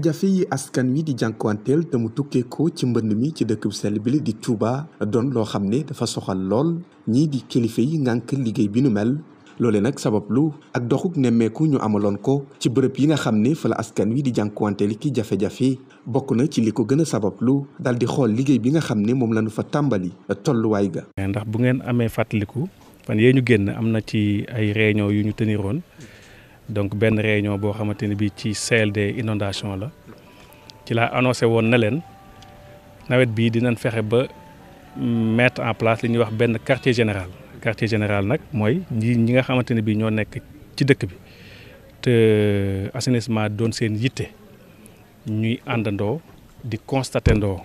jafe yi askan wi di jànkuwanteel te mu tukkee ko ci mbënn mi ci dëkk bu sell bi di Touba doon loo xam ne dafa soxal lool ñii di kilifa yi ngànk liggéey bi nu mel loole nag sabablu ak doxuk nemmeeku ñu amaloon ko ci bërëb yi nga xam ne fala askan wi di jànkuwanteel ki jafe-jafe bokk na ci li ko gën a sabablu dal di xool liggéey bi nga xam ne moom lañu fa tàmbali tolluwaay ga. ndax bu ngeen amee fàttaliku. fan yee ñu génn am na ci ay réunion yu ñu teniroon donc benn réunion boo xamante ni bii ci CLD inondation la ci laa annoncé woon na leen nawet bii di dinañ fexe ba mettre en place li ñuy wax benn quartier général. quartier général nag mooy ñi ñi nga xamante ne bii ñoo nekk ci dëkk bi te euh, assainissement doon seen yitte ñuy àndandoo di constaté ndoo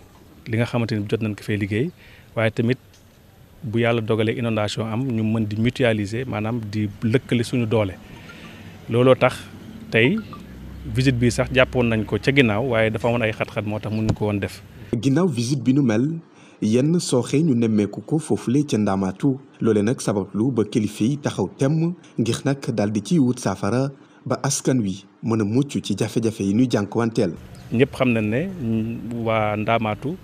li nga xamante ni jot nañ ko fee liggéey waaye tamit. bu yàlla dogalee inondation am ñu mën di mutualiser maanaam di lëkkale suñu doole looloo tax tey visite bi sax jàppoon nañ ko ca ginnaaw waaye dafa amoon ay xat-xat moo tax mënuñu ko woon def. ginnaaw visite bi nu mel yenn sooxe ñu nemmeeku ko foofu foofule ca ndaamaatu loole nag sabablu ba kilifa taxaw temm ngir nag daal di ciy wut saafara ba askan wi mën a mucc ci jafe-jafe yi ñuy wanteel ñëpp xam nañ ne waa ndaamaatu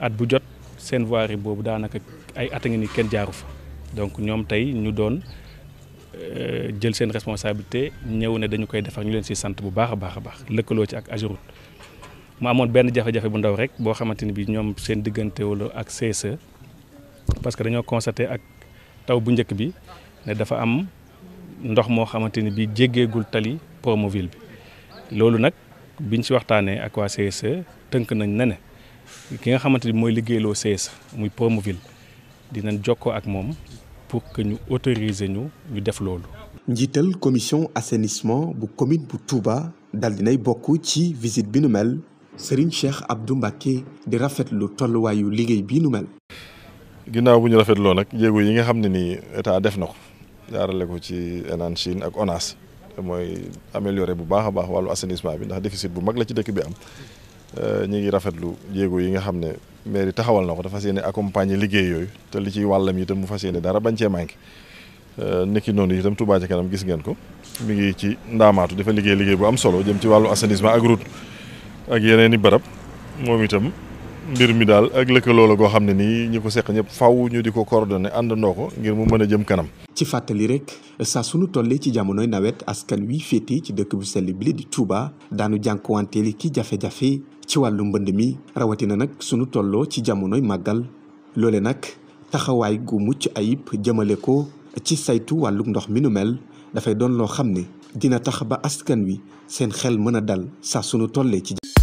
at bu jot seen voirie boobu daanaka ay at a ngi ni kenn jaaru fa donc ñoom tey ñu doon euh, jël seen responsabilité ñëw ne dañu koy defar ñu leen si sant bu baax a baax a baax lëkkaloo ci ak Ageroute mu amoon benn jafe-jafe bu ndaw rek boo xamante ni bi ñoom seen diggante wala ak CSE parce que dañoo constaté ak taw bu njëkk bi ne dafa am ndox moo xamante ni bi jéggeegul tali Promoville bi loolu nag biñ si waxtaanee ak waa CSE tënk nañ ne ne ki nga xamante ni mooy liggéeyloo CSE muy Promoville dinañ jokkoo ak pour que ñu autoriser ñu ñu def loolu. la commission assainissement bu commune bu Touba dal dinay bokk ci visite bi nu mel Serigne Cheikh Abdou Mbacké di rafetlu tolluwaayu liggéey bi nu mel. ginnaaw bu ñu rafetloo nag jéego yi nga xam ne état def na ko ko ci ak ONAS mooy améliorer bu a baax wàllu assainissement bi ndax déficit Euh, ñu ngi rafetlu jéego yi nga xam ne mairie taxawal na ko dafa fas yéene accompagner liggéey yooyu te li ciy wàllam itam mu fas yéene dara bañ cee manqué euh, nekki noonu itam tubaa ca kanam gis ngeen ko mi ngi ci ndaamaatu dafa liggéey liggéey bu am solo jëm ci wàllu assainissement ak route ak yeneen i barab moom itam mbir mi daal ak lëkkaloo la goo xam ne nii ñi ko seq ñëpp faw ñu di ko coordonné àndandoo ko ngir mu mën a jëm kanam. ci fàttali rek saa sunu tollee ci jamonoy nawet askan wi féete ci dëkk bu sell di Touba daanu jànkuwanteel ki jafe-jafe ci wàllu mbënd mi rawatina nag sunu tolloo ci jamonoy màggal loole nag taxawaay gu mucc ayib jëmale ko ci saytu wàllu ndox mi nu mel dafay doon loo xam ne dina tax ba askan wi seen xel mën a dal saa sunu tollee ci